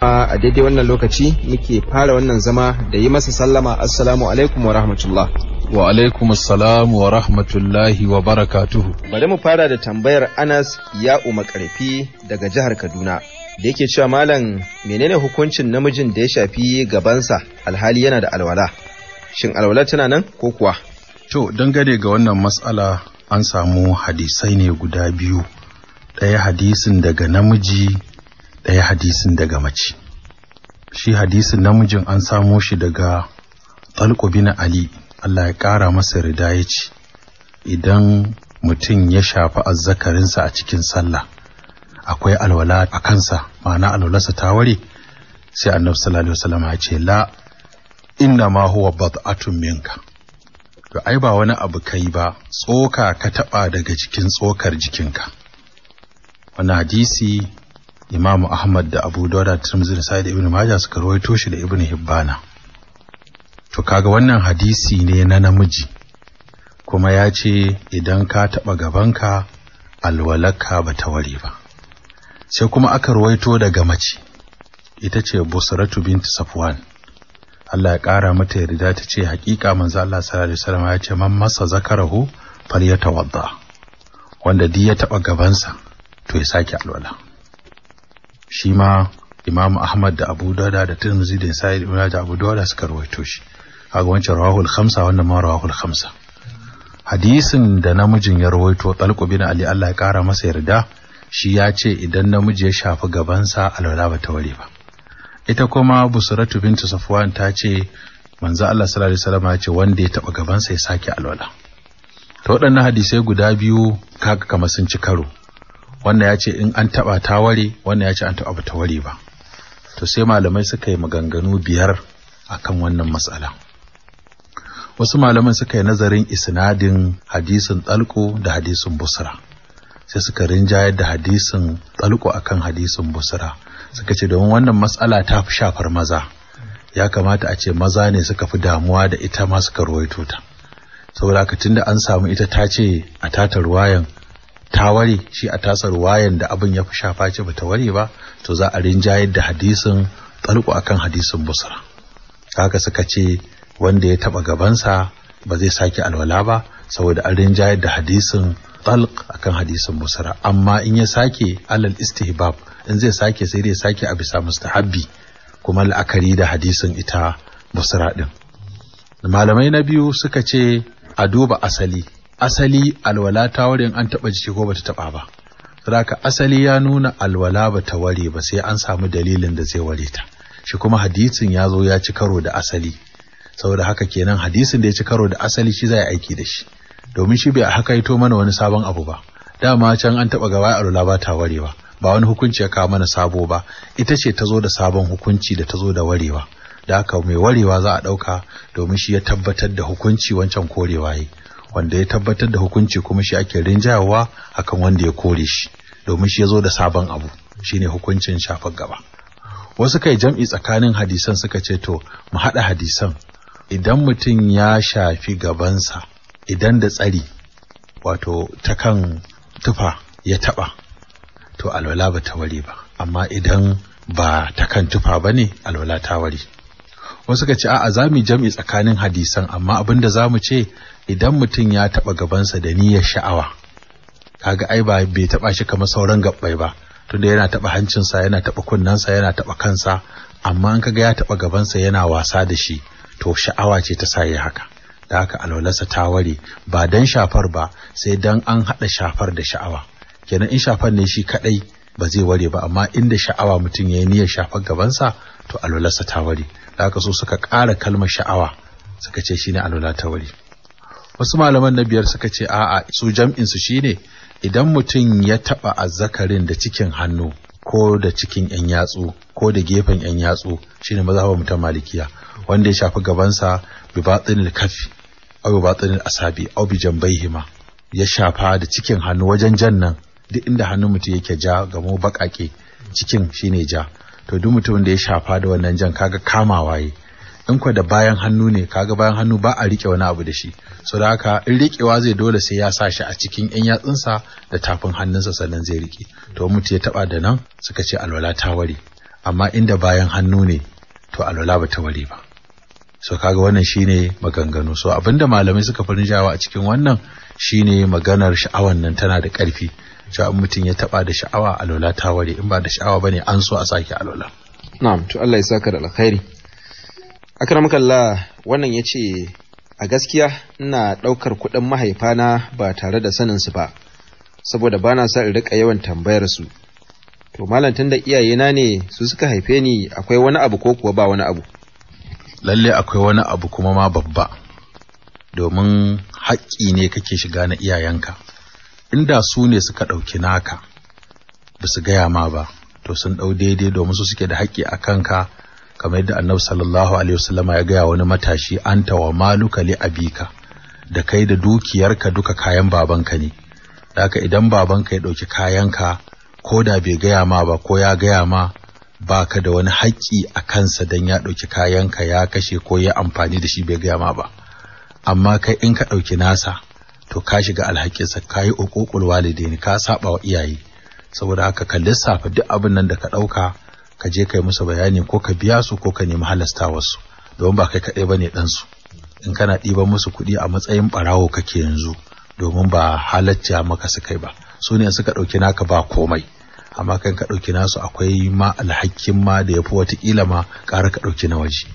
a daidai wannan lokaci muke fara wannan zama da yi masa sallama assalamu alaikum wa rahmatullah wa alaikum assalamu wa rahmatullahi wa barakatuhu bari mu fara da tambayar anas ya uma karfi daga jihar kaduna da yake cewa malam menene hukuncin namijin da ya shafi gabansa alhali yana da alwala shin alwala tana nan ko kuwa to dangane ga wannan matsala an samu hadisai ne guda biyu ɗaya hadisin daga namiji ɗaya hadisin daga mace shi hadisin namijin an samo shi daga talqu ali Allah ya ƙara masa rida ya ce idan mutum ya shafi azzakarinsa a cikin sallah akwai alwala a kansa ma'ana alwalarsa ta ware sai annabi sallallahu alaihi wasallam ya ce la inna ma huwa bad'atun minka to ai ba wani abu kai ba tsoka ka taba daga cikin tsokar jikinka wannan hadisi Imam Ahmad da Abu Dawud da Tirmidhi da Sa'id ibn Majah suka rawaito shi da Ibn Hibbana to kaga wannan hadisi ne na namiji kuma ya ce idan ka taɓa gabanka alwalaka ba ta ware ba sai kuma aka ruwaito daga mace ita ce busratu bint safwan Allah ya ƙara mata yarda ta ce haƙiƙa manzo Allah sallallahu alaihi wasallam ya ce man masa zakarahu falyatawadda wanda duk ya taɓa gabansa to ya sake alwala shi ma Imam Ahmad da Abu dauda da Tirmidhi da Sa'id ibn da Abu dauda suka rawaito shi kaga wancan rawahul khamsa wannan ma rawahul khamsa hadisin da namijin ya rawaito talqu bin Ali Allah ya kara masa yarda shi ya ce idan namiji ya shafi gabansa alwala ba ta ware ba ita kuma Busratu Binta Safwan ta ce manzo Allah sallallahu alaihi wasallam ya ce wanda ya taba gabansa ya sake alwala to waɗannan hadisai guda biyu kaga kamar sun ci karo wannan ya ce in an taɓa ta ware wannan ya ce an taɓa ta ware ba to sai malamai suka yi maganganu biyar akan wannan matsala wasu malaman suka yi nazarin isnadin hadisin tsalko da hadisin busra sai suka rinjayar da hadisin tsalko akan hadisin busra suka ce domin wannan matsala ta fi shafar maza ya kamata a ce maza ne suka fi damuwa da ita ma suka ruwaito ta saboda haka tunda an samu ita ta ce a tata ruwayan ta ware shi a tasar wayan da abin ya fi shafa ce bata ware ba to za a rinjayar da hadisin talqu akan hadisin busra haka suka ce wanda ya taba gabansa ba zai sake alwala ba saboda an rinjayar da hadisin talq akan hadisin busra amma in ya sake alal istihbab in zai sake sai dai sake a bisa mustahabbi kuma la'akari da hadisin ita busra din malamai na biyu suka ce a duba asali asali alwala ta ware an taɓa jiki ko bata taɓa ba saboda asali ya nuna alwala bata ware ba sai an samu dalilin da zai ware ta shi kuma hadisin ya zo ya ci karo da asali saboda haka kenan hadisin da ya ci karo da asali shi zai aiki da shi domin shi bai hakaito mana wani sabon abu ba dama can an taɓa gaba alwala ba ta warewa ba wani hukunci ya kawo mana sabo ba ita ce ta zo da sabon hukunci da ta zo da warewa da haka mai warewa za a ɗauka domin shi ya tabbatar da hukunci wancan korewa yi wanda ya tabbatar da hukunci kuma shi ake rinjawa akan wanda ya kore shi domin shi ya zo da sabon abu shine hukuncin shafar gaba wasu kai jam'i tsakanin hadisan suka ce to mu haɗa hadisan idan mutum ya shafi gabansa idan da tsari wato ta kan tufa ya taɓa to alwala ba ta ware ba amma idan ba ta kan tufa ba ne alwala ta wari. wasu ka ce a'a za mu jam'i tsakanin hadisan amma abin da za mu ce idan mutum ya taɓa gabansa da niyyar sha'awa kaga ai ba bai taɓa shi kamar sauran gabbai ba tunda yana taɓa hancinsa yana taɓa kunnensa yana taɓa kansa amma in kaga ya taɓa gabansa yana wasa da shi to sha'awa ce ta sa yi haka da haka alwalarsa ta ware ba dan shafar ba sai dan an haɗa shafar da sha'awa kenan in shafar ne shi kaɗai ba zai ware ba amma inda sha'awa mutum ya yi niyyar shafar gabansa to alwalarsa ta ware da haka so suka ƙara kalmar sha'awa suka ce shi ne alwala ta ware wasu malaman na biyar suka ce a'a su jam'in su shine idan mutum ya taba azzakarin da cikin hannu ko da cikin yan yatsu ko da gefen yan yatsu shine mazhabar mutum malikiya wanda ya shafi gabansa bi batinil kafi aw bi batinil asabi aw bi jambaihima ya shafa da cikin hannu wajen jan nan duk inda hannun mutum yake ja ga mu bakake cikin shine ja to duk mutumin da ya shafa da wannan jan kaga kamawa waye. in kwa da bayan hannu ne kaga bayan hannu ba a rike wani abu da shi so da haka in rikewa zai dole sai ya sa shi a cikin yan yatsunsa da tafin hannunsa sannan zai rike to mutum ya taba da nan suka ce alwala ta ware amma inda bayan hannu ne to alwala ba ta ware ba so kaga wannan shine maganganu so abinda malamai suka farin jawa a cikin wannan shine maganar sha'awan nan tana da ƙarfi cewa mutum ya taba da sha'awa alwala ta ware in ba da sha'awa bane an so a sake alwala na'am to Allah ya saka da alkhairi akramakalla wannan ya ce a gaskiya ina ɗaukar kuɗin mahaifana ba tare da saninsu ba saboda bana na sa in riƙa yawan tambayar su to malam tunda iyayena ne su suka haife ni akwai wani abu ko kuwa ba wani abu lalle akwai wani abu kuma ma babba domin haƙƙi ne kake shiga na iyayenka inda su ne suka ɗauki naka ba su gaya ma ba to sun ɗau daidai domin su suke da haƙƙi a kanka kamar yadda annabi sallallahu alaihi wasallama ya gaya wani matashi anta wa maluka li abika da kai da dukiyarka duka kayan babanka ne haka idan babanka ya ɗauki kayanka ko da bai gaya ma ba ko ya gaya ma baka da wani haƙƙi a kansa don ya ɗauki kayanka ya kashe ko ya amfani da shi bai gaya ma ba amma kai in ka ɗauki nasa to ka shiga alhakinsa ka yi uƙuƙul walidaini ka saba wa iyaye saboda haka ka lissafa duk abin nan da ka ɗauka ka je kai musu bayani ko ka biya su ko ka nemi wasu domin ba kai kaɗai bane su in kana ɗiban musu kuɗi a matsayin ɓarawo kake yanzu domin ba halacciya maka su kai ba su ne suka ɗauki naka ba komai amma kan ka ɗauki nasu akwai ma alhakin ma da ya fi watakila ma ƙara ka ɗauki na waje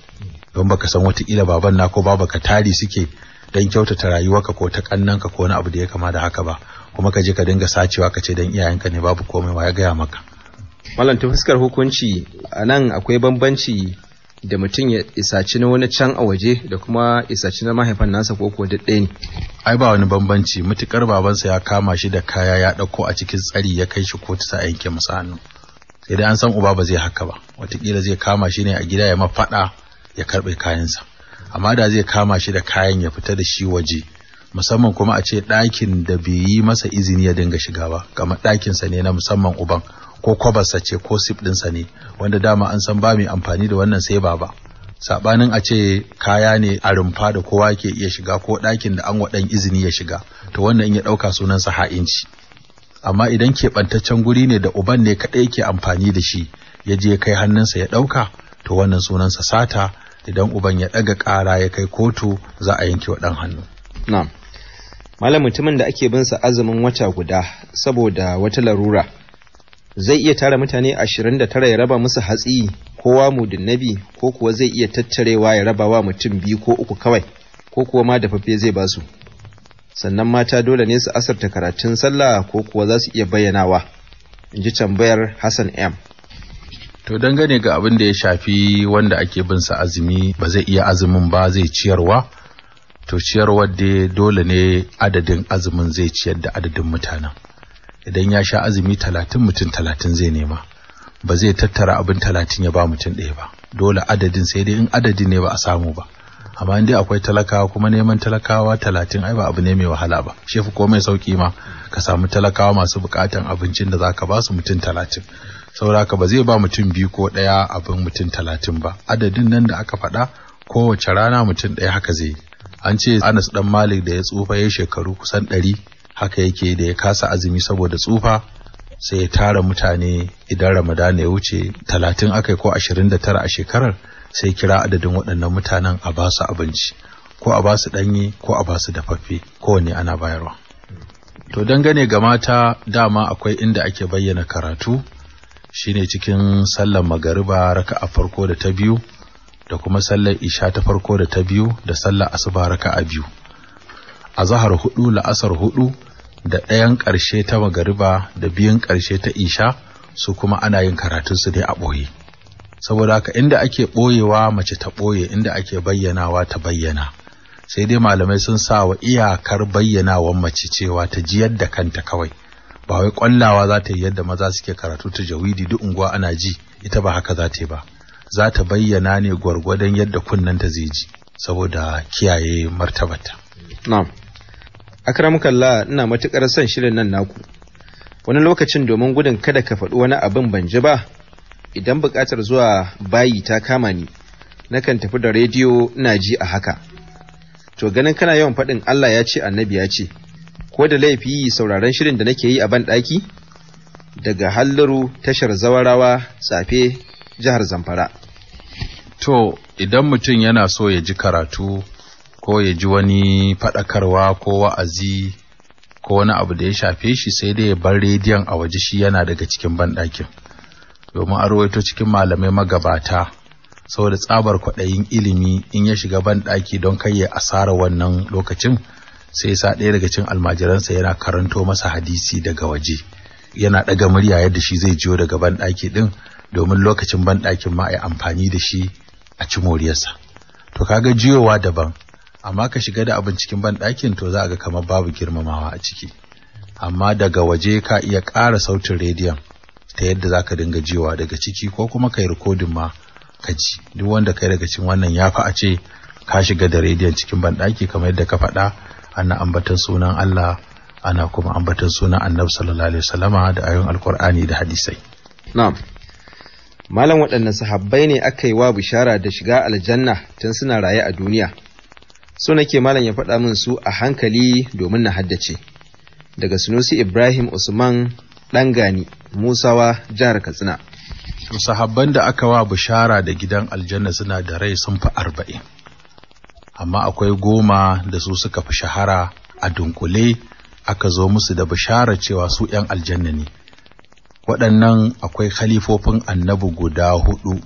don baka san watakila baban na ko baba ka tari suke don kyautata rayuwarka ko ta ka ko wani abu da ya kama da haka ba kuma ka je ka dinga sacewa ka ce dan iyayenka ne babu komai wa ya gaya maka Malam ta fuskar hukunci a nan akwai bambanci da mutum ya isaci na wani can a waje da kuma isaci na mahaifan nasa ko kuwa daɗe ne. Ai ba wani bambanci mutukar babansa ya kama shi da kaya ya ɗauko a cikin tsari ya kai shi kotu ta yanke masa hannu. Sai dai an san uba ba zai haka ba watakila zai kama shi ne a gida ya mafaɗa ya karɓe kayansa. Amma da zai kama shi da kayan ya fita da shi waje musamman kuma a ce ɗakin da bai yi masa izini ya dinga shiga ba kamar ɗakinsa ne na musamman uban. ko sa ce ko sip ɗinsa ne wanda dama an san ba mai amfani da wannan sai ba sabanin a ce kaya ne a rumfa da kowa ke iya shiga ko ɗakin da an waɗan izini ya shiga to wannan in ya ɗauka sunan sunansa ha'inci amma idan keɓantaccen guri ne da uban ne kaɗai ke amfani da shi ya je kai hannunsa ya ɗauka to wannan sunansa sata idan uban ya ɗaga ƙara ya kai kotu za a yanke waɗan hannu. Na'am. Malam mutumin da ake bin sa azumin wata guda saboda wata larura zai iya tara mutane ashirin da tara ya raba musu hatsi kowa mudunnabi ko kuwa zai iya tattarewa ya raba wa mutum biyu ko uku kawai ko kuwa ma dafaffe zai basu sannan mata dole ne su asarta karatun sallah ko kuwa za su iya bayyanawa in ji tambayar hassan m to dangane ga abin da ya shafi wanda ake bin sa azumi ba zai iya azumin ba zai ciyarwa to ciyarwar dai dole ne adadin azumin zai ciyar da adadin mutanen idan ya sha azumi talatin mutum talatin zai nema ba zai tattara abin talatin ya ba mutum ɗaya ba dole adadin sai dai in adadin ne ba a samu ba amma in dai akwai talakawa kuma neman talakawa talatin ai ba abu ne mai wahala ba shefu ko mai sauki ma ka samu talakawa masu bukatan abincin da zaka ba su mutum talatin saboda ba zai ba mutum biyu ko ɗaya abin mutum talatin ba adadin nan da aka faɗa kowace rana mutum ɗaya haka zai yi an ce anas ɗan malik da ya tsufa ya shekaru kusan ɗari haka yake da ya kasa azumi saboda tsufa sai ya tara mutane idan ramadana ya wuce talatin akai ko ashirin da tara a shekarar sai kira adadin waɗannan mutanen a ba su abinci ko a ba su ɗanye ko a ba su dafaffe kowanne ana bayarwa to dangane ga mata dama akwai inda ake bayyana karatu shine cikin sallar magariba raka a farko da ta biyu da kuma sallar isha ta farko da ta biyu da sallar asuba raka a biyu a zahar hudu la'asar hudu da ɗayan ƙarshe ta magariba da biyun ƙarshe ta isha su kuma ana yin karatun su ne a ɓoye saboda haka inda ake ɓoyewa mace ta ɓoye inda ake bayyanawa ta bayyana sai dai malamai sun sa wa iyakar bayyanawan mace cewa ta ji yadda kanta kawai ba wai ƙwallawa za ta yi yadda maza suke karatu ta jawidi duk unguwa ana ji ita ba haka za ta yi ba za ta bayyana ne gwargwadon yadda kunnanta zai ji saboda kiyaye martabata na'am Kalla ina matukar son shirin nan naku wani lokacin domin gudun kada ka faɗi wani abin ban ji ba idan buƙatar zuwa bayi ta kama ni nakan tafi da rediyo ina ji a haka to ganin kana yawan faɗin Allah ya ce annabi ya ce ko da laifi sauraron shirin da nake yi a ban ɗaki daga hallaru tashar zawarawa safe jihar zamfara to idan mutum yana so ya ji karatu ko ya ji wani faɗakarwa ko wa'azi ko wani abu da ya shafe shi sai dai ya bar rediyon a waje shi yana daga cikin banɗakin domin a rawaito cikin malamai magabata saboda tsabar kwaɗayin ilimi in ya shiga banɗaki don kai ya asara wannan lokacin sai sa ɗaya daga cikin almajiransa yana karanto masa hadisi daga waje yana ɗaga murya yadda shi zai jiyo daga banɗaki ɗin domin lokacin banɗakin ma a amfani da shi a ci moriyarsa to kaga jiyowa daban amma ka shiga da abin cikin banɗakin to za a ga kamar babu girmamawa a ciki amma daga waje ka iya ƙara sautin rediyon ta yadda za ka dinga jiwa daga ciki ko kuma ka yi rikodin ma ka ji duk wanda kai daga cikin wannan ya fi a ce ka shiga da rediyon cikin banɗaki kamar yadda ka faɗa ana ambatan sunan Allah ana kuma ambatan sunan annabi sallallahu alaihi wasallama da ayoyin alkur'ani da hadisai na'am malam waɗannan sahabbai ne aka yi wa bishara da shiga aljanna tun suna raye a duniya so nake malam ya faɗa min su a hankali domin na haddace daga sunusi ibrahim usman ɗan gani musawa jihar katsina sahabban da aka wa bishara da gidan aljanna suna da rai sun fi arba'in amma akwai goma da su suka fi shahara a dunkule aka zo musu da bishara cewa su 'yan aljanna ne waɗannan akwai khalifofin annabi guda hudu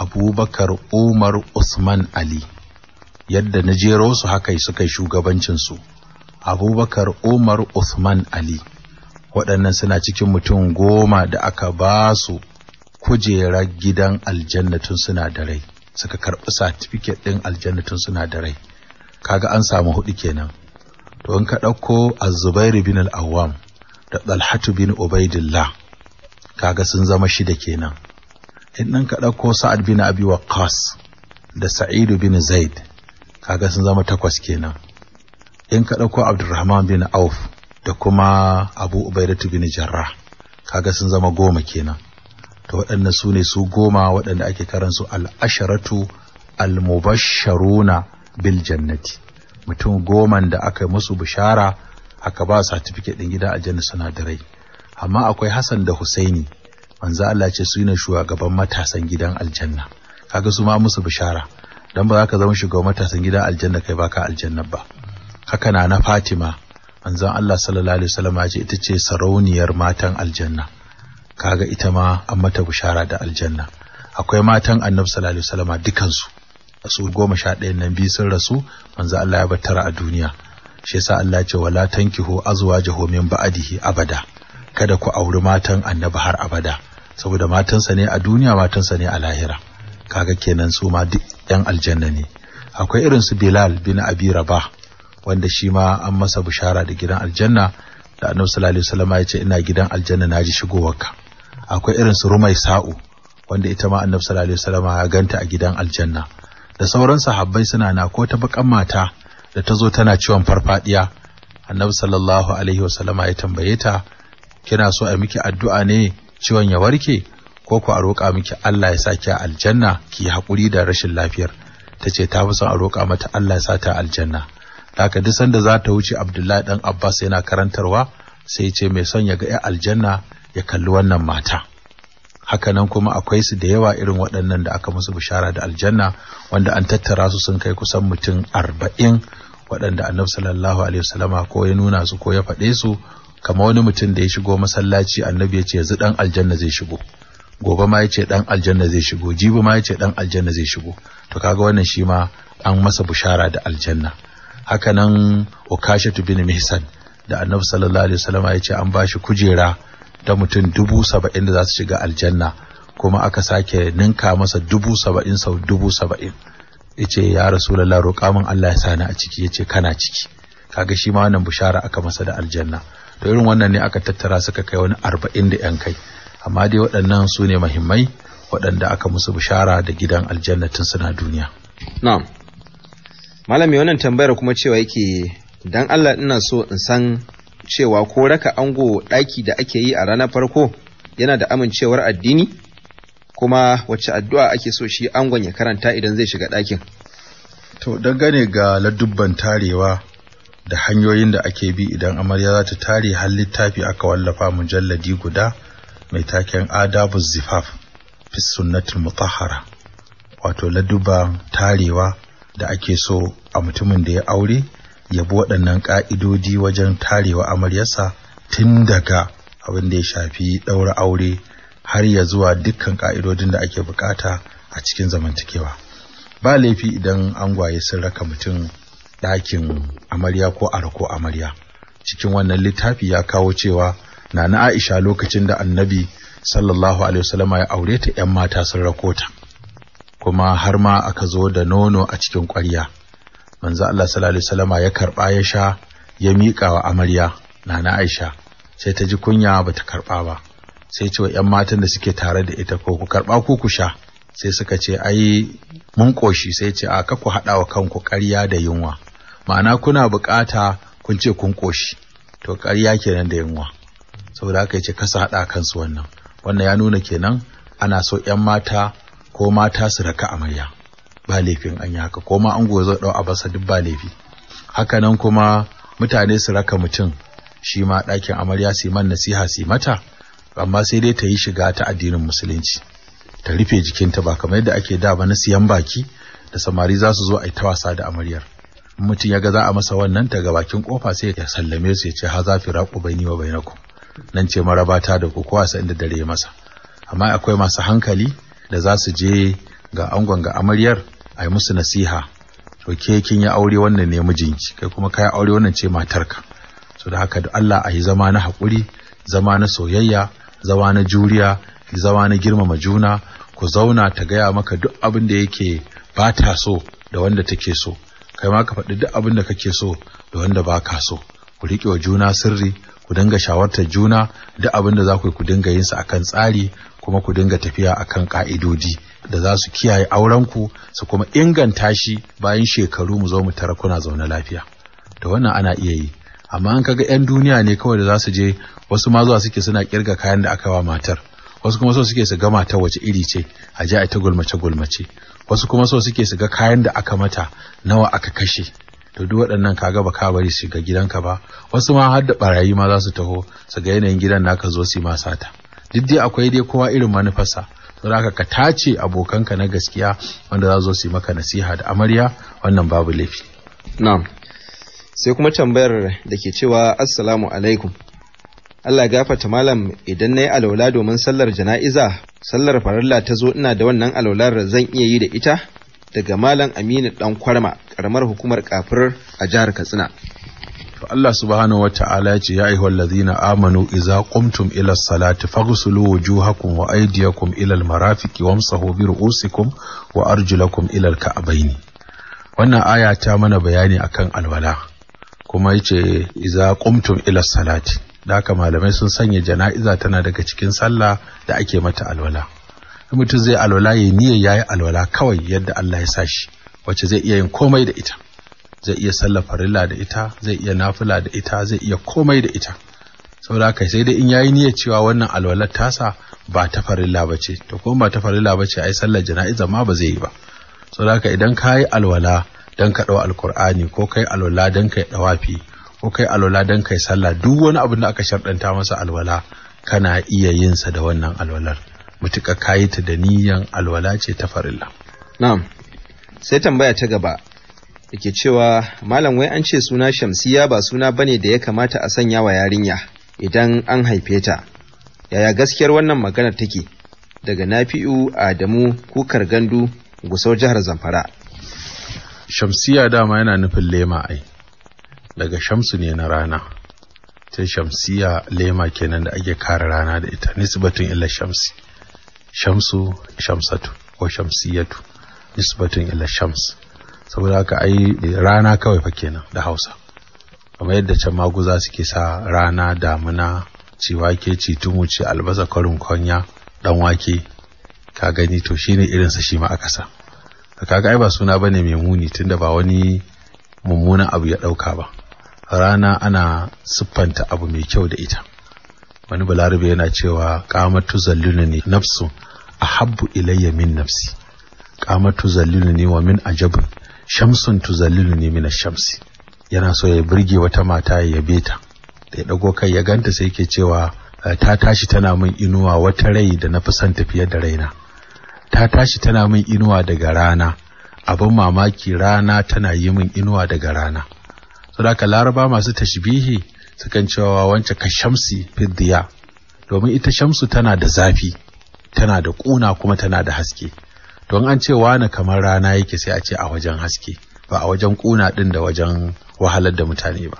abubakar umar usman ali yadda na jero su haka suka yi shugabancinsu abubakar umar Usman ali waɗannan suna cikin mutum goma da aka ba su kujerar gidan aljannatun suna suka karɓi satifiket ɗin aljannatun suna da rai kaga an samu hudu kenan to in ka ɗauko azubairu bin al'awam da ɗalhatu bin ubaidillah kaga sun zama shida kenan in ka ɗauko sa'ad bin abi waqqas da sa'idu bin zaid kaga sun zama takwas kenan in ka ɗauko abdurrahman bin auf da kuma abu ubaidatu bin jarrah kaga sun zama goma kenan to waɗannan su ne su goma waɗanda ake karansu su al-mubasharuna asharatu bil jannati mutum goman da aka yi musu bishara aka ba certificate din gida aljanna suna da rai amma akwai Hassan da Husaini manzo Allah ce su ne shugaban matasan gidan aljanna kaga su ma musu bishara dan ba za ka zama shugaba matasan gidan aljanna kai baka aljanna ba haka na na Fatima manzon Allah sallallahu alaihi wasallam ya ce ita ce sarauniyar matan aljanna kaga ita ma an mata bushara da aljanna akwai matan Annabi sallallahu alaihi wasallam dukan su su goma sha ɗayan nan biyu sun rasu manzon Allah ya battara a duniya shi yasa Allah ya ce wala tankihu azwajahu min ba'dihi abada kada ku auri matan Annabi har abada saboda matansa ne a duniya matansa ne a lahira kaga kenan su ma duk yan aljanna ne akwai irin su Bilal bin Abi Rabah wanda shi ma an masa bushara da gidan aljanna da Annabi sallallahu alaihi wasallam ya ce ina gidan aljanna naji shigowarka akwai irin su Rumai Sa'u wanda ita ma Annabi sallallahu alaihi wasallam ya ganta a gidan aljanna da sauran sahabbai suna na ko ta bakan mata da ta zo tana ciwon farfadiya Annabi sallallahu alaihi wasallam ya tambaye ta kina so a miki addu'a ne ciwon ya warke ko ku a roƙa miki Allah ya saki a aljanna ki haƙuri da rashin lafiyar ta ce ta fi son a roƙa mata Allah ya sa ta aljanna haka duk sanda za ta wuce Abdullahi dan Abbas yana karantarwa sai ce mai son ya ga ya aljanna ya kalli wannan mata haka nan kuma akwai su da yawa irin waɗannan da aka musu bishara da aljanna wanda an tattara su sun kai kusan mutum arba'in waɗanda annabi sallallahu alaihi wasallama ko ya nuna su ko ya faɗe su kama wani mutum da ya shigo masallaci annabi ya ce yanzu ɗan aljanna zai shigo gobe ma yace dan aljanna zai shigo jibi ma yace dan aljanna zai shigo to kaga wannan shi ma an masa bushara da aljanna haka nan ukashatu bin mihsan da annabi sallallahu alaihi wasallam yace an bashi kujera da mutum dubu saba'in da za su shiga aljanna kuma aka sake ninka masa dubu saba'in sau dubu saba'in yace ya rasulullah roƙa min Allah ya sani a ciki yace kana ciki kaga shi ma wannan bushara aka masa da aljanna to irin wannan ne aka tattara suka kai wani arba'in da yan kai amma dai waɗannan su ne mahimmai waɗanda aka musu bishara da gidan aljannatin suna duniya na'am malami wannan tambayar kuma cewa yake dan Allah ina so in san cewa ko raka ango ɗaki da ake yi a ranar farko yana da amincewar addini kuma wacce addu'a ake so shi angon ya karanta idan zai shiga ɗakin. To, dangane ga ladubban tarewa da hanyoyin da ake bi idan amarya za ta tare har littafi aka wallafa mujalladi guda mai taken adabu zifaf fi sunnatul mutahara wato laduba tarewa da ake so a mutumin da ya aure ya bi waɗannan ƙa'idodi wajen tarewa amaryarsa tun daga abin da ya shafi ɗaura aure har ya zuwa dukkan ƙa'idodin da ake bukata a cikin zamantakewa ba laifi idan angwaye sun raka mutum ɗakin amarya ko arko amarya cikin wannan littafi ya kawo cewa na Aisha lokacin da annabi sallallahu alaihi wasallama ya aure ta ‘yan mata sun rakota, kuma har ma aka zo da nono a cikin ƙwarya. Manzo Allah sallallahu alaihi wasallama ya karɓa ya sha ya miƙa wa amarya na na Aisha, sai ta ji kunya bata ta karɓa ba, sai ce wa ‘yan matan da suke tare da ita ko ku karɓa ko ku sha, sai suka ce ai mun ƙoshi sai ce a ka ku haɗa wa kanku ƙarya da yunwa, ma'ana kuna bukata kun ce kun ƙoshi, to ƙarya kenan da yunwa. saboda haka yace kasa hada kansu wannan wannan ya nuna kenan ana so yan mata ko mata su raka amarya ba laifin an yi haka ko ma an gozo dau basa duk ba laifi haka nan kuma mutane su raka mutum shi ma ɗakin amarya su man nasiha su mata amma sai dai ta yi shiga ta addinin musulunci ta rufe jikinta ba kamar yadda ake da ba na siyan baki da samari za su zo a yi ta wasa da amaryar mutum ya ga za a masa wannan ta ga bakin kofa sai ya sallame su ya ce ha za fi bai ni wa bai nan ce marabata da kowa sa inda dare masa amma akwai masu hankali da za su je ga angon ga amaryar a yi musu nasiha to ke kin yi aure wannan ne mijinki kai kuma kai aure wannan ce matar ka. so da haka da Allah a yi zama na hakuri zama na soyayya zama na juriya zama na girmama juna ku zauna ta gaya maka duk abin da yake ba ta so da wanda take so kai ma ka faɗi duk abin da kake so da wanda ba ka so ku riƙe wa juna sirri ku dinga shawartar juna duk abin da za ku yi ku dinga yin sa akan tsari kuma ku dinga tafiya akan ka'idodi da za su kiyaye aurenku su kuma inganta shi bayan shekaru mu zo mu tara kuna zaune lafiya da wannan ana iya yi amma an kaga 'yan duniya ne kawai da za su je wasu ma zuwa suke suna kirga kayan da aka wa matar wasu kuma so suke su ga matar wace iri ce a ji a ta gulmace gulmace wasu kuma so suke su ga kayan da aka mata nawa aka kashe to duk waɗannan kaga ba ka bari su ga gidanka ba wasu ma har da barayi ma za su taho su ga yanayin gidan naka zo su ma sata duk dai akwai dai kowa irin manufarsa da ka tace abokanka na gaskiya wanda za zo su maka nasiha da amarya wannan babu laifi na'am sai kuma tambayar da ke cewa assalamu alaikum Allah gafarta malam idan na yi alaula domin sallar jana'iza sallar farilla ta zo ina da wannan alaular zan iya yi da ita daga malam Aminu dan kwarma karamar hukumar kafir a jihar katsina to Allah subhanahu wa ta'ala ya ce ya ayyuhal allazina amanu idza qumtum ila salati faghsulu wujuhakum wa aydiyakum ila almarafiqi wamsahu bi ru'usikum wa arjulakum ila alka'bayn wannan aya ta mana bayani akan alwala kuma yace idza qumtum ila salati da haka malamai sun sanya jana'iza tana daga cikin sallah da ake mata alwala mutum zai alwala ya niyyar yayi alwala kawai yadda Allah ya sa shi wacce zai iya yin komai da ita zai iya sallar farilla da ita zai iya nafila da ita zai iya komai da ita saboda haka sai dai in yayi niyyar cewa wannan alwalar tasa ba ta farilla bace ce to kuma ba ta farilla bace ai sallar jana'iza ma ba zai yi ba saboda haka idan ka alwala dan ka ɗau alkur'ani ko kai alwala dan kai ɗawafi ko kai alwala dan kai sallah duk wani abin da aka sharɗanta masa alwala kana iya yin sa da wannan alwalar mutuka kayi ta da niyyan alwala ce ta farilla na'am sai tambaya ta gaba yake cewa malam wai an ce suna shamsiya ba suna ba ne da ya kamata a sanya wa yarinya idan an haife ta yaya gaskiyar wannan maganar take daga nafi'u adamu kukar gandu gusau jihar zamfara shamsiya dama yana nufin lema ai daga shamsu ne na rana ta shamsiya lema kenan da ake kare rana da ita nisbatun illa shamsi shamsu shamsatu ko shamsiyatu nisbatun ila shams saboda haka ai rana kawai fa kenan da hausa kamar yadda can maguza suke sa rana damuna ci ke ci tumu ci albasa karin kwanya dan wake ka gani to shine sa shi ma aka sa kaga ai ba suna bane mai muni tunda ba wani mummunan abu ya dauka ba rana ana siffanta abu mai kyau da ita wani balarabe yana cewa kamatu zalluna ne nafsu ahabbu ilayya min nafsi kamatu ne wa min ajab shamsun ne min shamsi yana so ya burge wata mata ya yabe ta da ya dago kai ya ganta sai yake cewa eh, ta tashi tana min inuwa wata rai da na fi son tafiye da raina ta tashi tana min inuwa daga rana abin mamaki rana tana yi min inuwa daga rana saboda laraba masu tashbihi sukan cewa wance ka shamsi fiddiya domin ita shamsu tana da zafi tana da ƙuna kuma tana da haske don an ce wani kamar rana yake sai a ce a wajen haske ba a wajen kuna din da wajen wahalar da mutane ba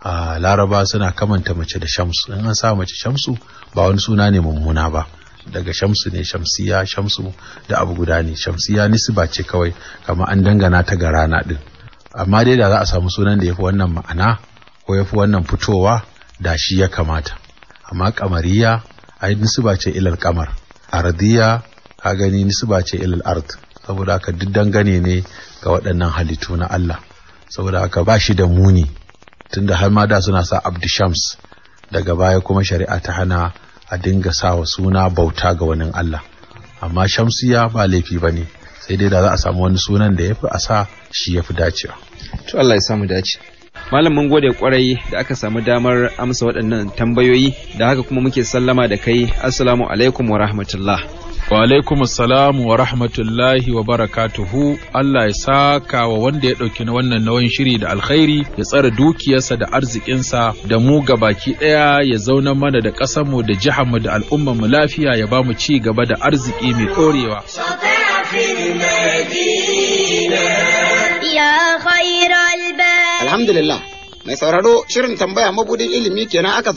a laraba suna kamanta mace da shamsu in an sa mace shamsu ba wani suna ne mummuna ba daga shamsu ne shamsiya shamsu da abu guda ne shamsiya ba ce kawai kamar an dangana ta ga rana din amma dai da za a samu sunan da yafi wannan ma'ana ko yafi wannan fitowa da shi ya kamata amma kamariya ai ba ce ilal kamar ardiya ka gani nisba ce ilal art saboda haka duk dangane ne ga waɗannan halittu na Allah saboda haka ba shi da muni tunda har ma da suna sa abdu shams daga baya kuma shari'a ta hana a dinga sa wa suna bauta ga wani Allah amma ya ba laifi ba ne sai dai da za a samu wani sunan da ya fi a sa shi ya fi dacewa. To Allah ya samu dace. Malam mun gode kwarai da aka samu damar amsa waɗannan tambayoyi da haka kuma muke sallama da kai assalamu alaikum wa rahmatullah. Wa salam wa rahmatullahi wa barakatuhu Allah ya saka wa wanda ya ɗauki wannan nawan shiri da alkhairi ya tsara dukiyarsa da arzikinsa da mu baki ɗaya ya zauna mana da ƙasarmu da mu da mu lafiya ya ba mu ci gaba da arziki mai ɗorewa. Alhamdulillah, mai sauraro shirin tambaya mabudin ilimi kenan aka